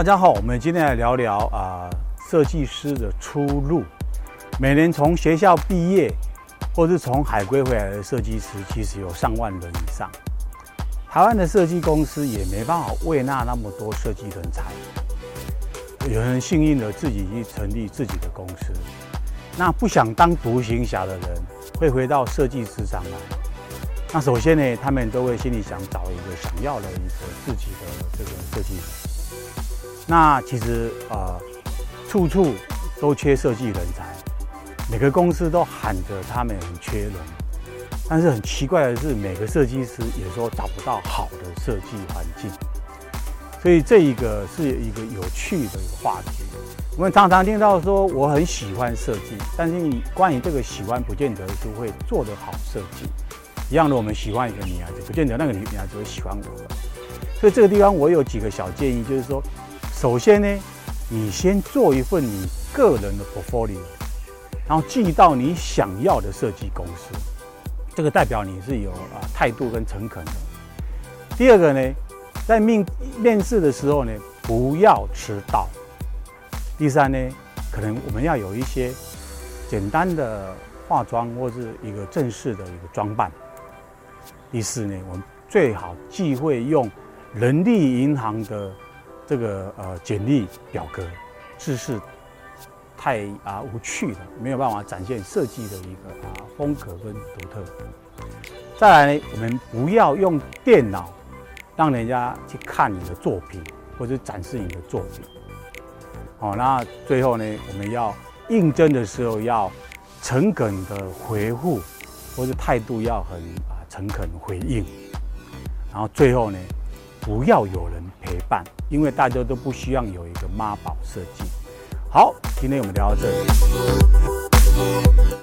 大家好，我們今天來聊聊啊，呃，設計師的出路。每年從學校畢業，或是從海歸回來的設計師，其實有上萬人以上。台灣的設計公司也沒辦法吸納那麼多設計人才。有人幸運的自己去成立自己的公司，那不想當獨行俠的人，會回到設計師上來。那首先呢，他們都會心裡想找一個想要的一個自己的這個設計師。那其實呃，處處都缺設計人才，每個公司都喊着他們很缺人，但是很奇怪的是，每個設計師也說找不到好的設計環境。所以這一個是一個有趣的話題。我們常常聽到說我很喜歡設計，但是你關於這個喜歡，不見得就會做得好設計。一樣的，我們喜歡一個女孩子，不見得那個女女孩子會喜歡我。所以這個地方我有幾個小建議，就是說。首先呢，你先做一份你個人的 portfolio，然後寄到你想要的設計公司，這個代表你是有啊態度跟誠懇的。第二個呢，在面面試的時候呢，不要遲到。第三呢，可能我們要有一些簡單的化妝或是一個正式的一個裝扮。第四呢，我們最好忌諱用人力銀行的。這個呃簡歷表格，制式太啊無趣了，沒有辦法展現設計的一個啊風格跟獨特。再來呢，我們不要用電腦讓人家去看你的作品，或者展示你的作品。好、哦，那最後呢，我們要應徵的時候要誠懇的回復，或者態度要很啊誠懇回應。然後最後呢，不要有人。因為大家都不需要有一個媽寶設計。好，今天我們聊到這裡。